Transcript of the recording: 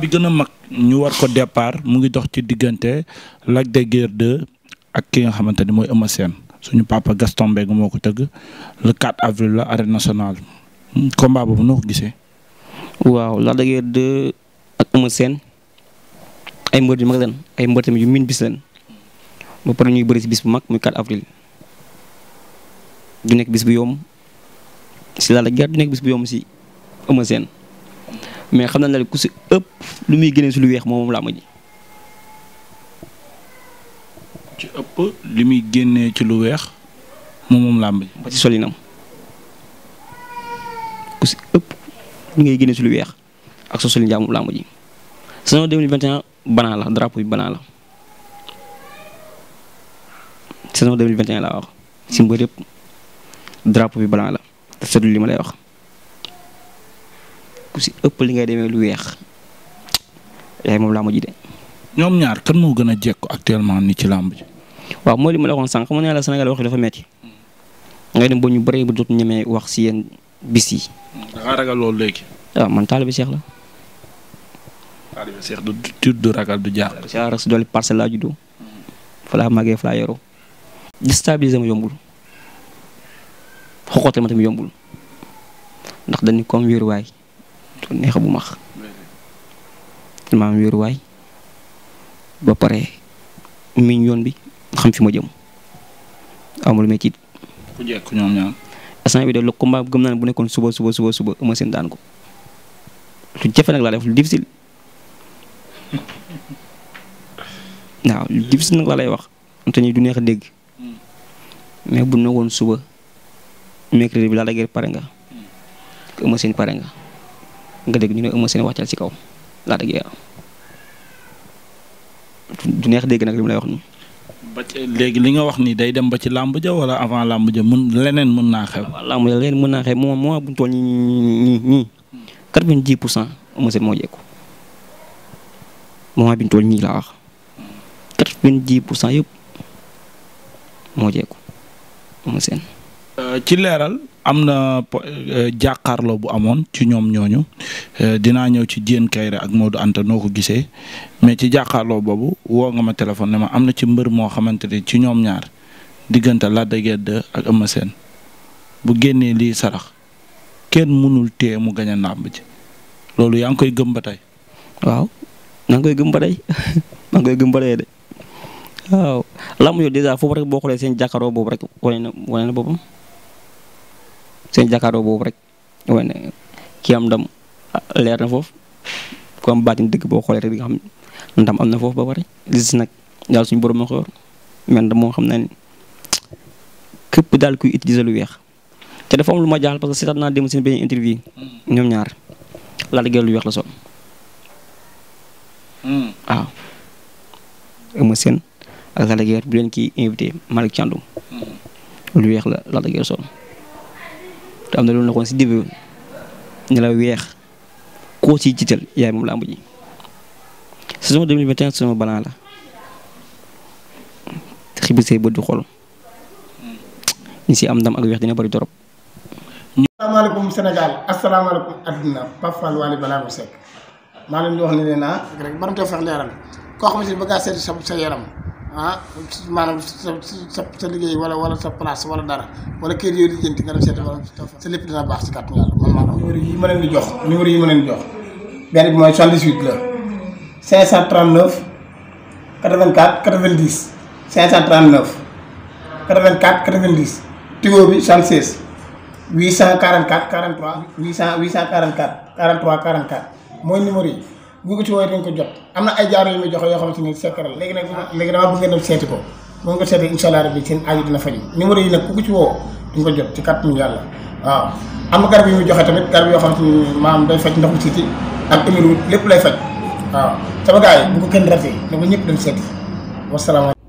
bi gën mag ñu war ko départ mu ngi dox ci diggante Lac de ak ki nga xamante ni mooy Eumeu Sène suñu papa Gaston Mbengue moo ko tëgg le 4 avril la arène nationale combat boobu noo ko gisee. waaw Lac de ak Eumeu Sène ay mbër yu mag leen ay mbër tamit yu miin bis leen ba pare ñuy bëri si bis bu mag muy 4 avril du nekk bis bu yomb si Lac de Guiers du nekk bis bu yomb si Eumeu Sène mais xam la ne ku si ëpp lu muy génnee si lu weex moom làmb ci ëpp muy génnee ci lu weex moom moom làmb ji. ba solinam ku si ëpp lu ngay génnee si lu weex ak sa solin jaamu làmb ji saison 2021 banaa la drapeau bi banaa la saison 2021 laa wax si mbër yëpp drapeau bi banaa la te seetlu li ma lay wax. ku si ëpp li ngay demee lu weex yaay moom laa mujj de. ñoom ñaar kan moo gën a jekk actuellement ni ci làmb waaw mooy li ma la waxoon sànq mu ne la Sénégal wax dafa metti ngay dem ba ñu bari ba dootu ñemee wax si yéen bis yi. da loolu léegi. waaw ah, man taalibe Cheikh la. taalibe Cheikh du du ragal du jaax. Cheikh rek si dolli parcelle laa juddoo. falaa laa màggee fa laa yoroo. ma yombul. xoxote ma tamit yombul. ndax dañu comme wéeruwaay. neex bu max dama am wéeruwaay ba yoon bi xam fi ma jëm amul métit ku jekk ñoom ñaar instant bi de le combat gëm naa bu nekkoon suba suba suba suba Eumeu Sène daan ko lu jafe nag laa def lu waaw lu nag laa lay wax te ñi du neex a dégg hmm. mais bu nekkoon suba mercredi bi Lac de Guiers pare nga hmm. Eumeu pare nga nga dégg ñu ne Eumeu Sène wàccal ci kaw laa dëgg yàlla du neex dégg nag li mu lay wax nii. léegi li nga wax ni day dem ba ci làmb ja wala avant làmb ja mun leneen mun naa xew. waaw làmb ja leneen mun naa xew moom moo bu ñu toll nii nii quatre-vingt-dix pour cent Eumeu Sène moo jekku moment bi ñu toll nii laa wax quatre-vingt-dix pour cent yëpp moo jekku Eumeu euh, ci leeral am na euh, jàkkaarloo bu amoon ci ñoom ñooñu euh, dinaa ñëw ci Diène Kairé ak Modou Anta noo ko gisee mais ci jàkkaarloo boobu woo nga ma téléphone ne ma am na ci mbër moo xamante ne ci ñoom ñaar diggante Lac de ak Eumeu Sène bu génnee lii sarax kenn mënul téye mu gañ a nàmb ji loolu yaa ngi koy gëmbatay ba tey. waaw maa ngi koy gëm ba tey maa ngi koy gëm ba tey de waaw lamb yooyu dèjà foofu rek boo xoolee seen jàkkaroo boobu rek wane na na boppam seen jàkkaaroo boobu rek mooy ne ki am ndam ah, leer na foofu ku am baatin dëgg boo xoolee rek di nga xam ndam am na foofu ba pare gis nag yàlla suñu borom ma ko yor ndam moo xam ne képp daal kuy utiliser lu weex te dafa am lu ma jaaxal parce que seetaan naa dem seen benn interview ñoom ñaar Lac de lu weex la sol. waaw. Hmm. Ah. Eumeu Sène ak Lac de bu leen kii invité Malick Thiandoum hmm. lu weex la Lac de sol. am na lu nekkoon si début ne la weex koo ci jiital yaay moom làmb ji saison 2021 saison balan la xibi say bët di xool ñu si am ndam ak weex dina bëri torop. asalaamaaleykum Sénégal asalaamaaleykum adduna Pape Fall Waly balaa bu Seck maa leen di wax ne leen ah rek mën fex leeral koo xam si bëgg a sa yaram. ah maanaam sa sa sa liggéey wala wala sa place wala dara wala kër yooyu lijjanti nga dem seet wala sa lépp dina baax si kàttan yàlla numéro yi ma leen di jox numéro yi ma leen di jox benn bi mooy 78 la 539 84 90 539 84 90 Tigo bi 76 844 43 800 mooy numéro yi. bu ko ci woowee dañ ko jot am na ay jaaro yu muy joxe yoo xamante ni secret léegi nag léegi dama bëgg a dem seeti ko moom nga ko ci ko jot ci kàttanu am na garab yu muy joxe tamit garab yoo xamante ni maam day faj ndoxu siiti ak lépp lay faj waaw sama gars yi bu ko kenn ratee ne ko ñëpp dem seeti wasalaamaaleykum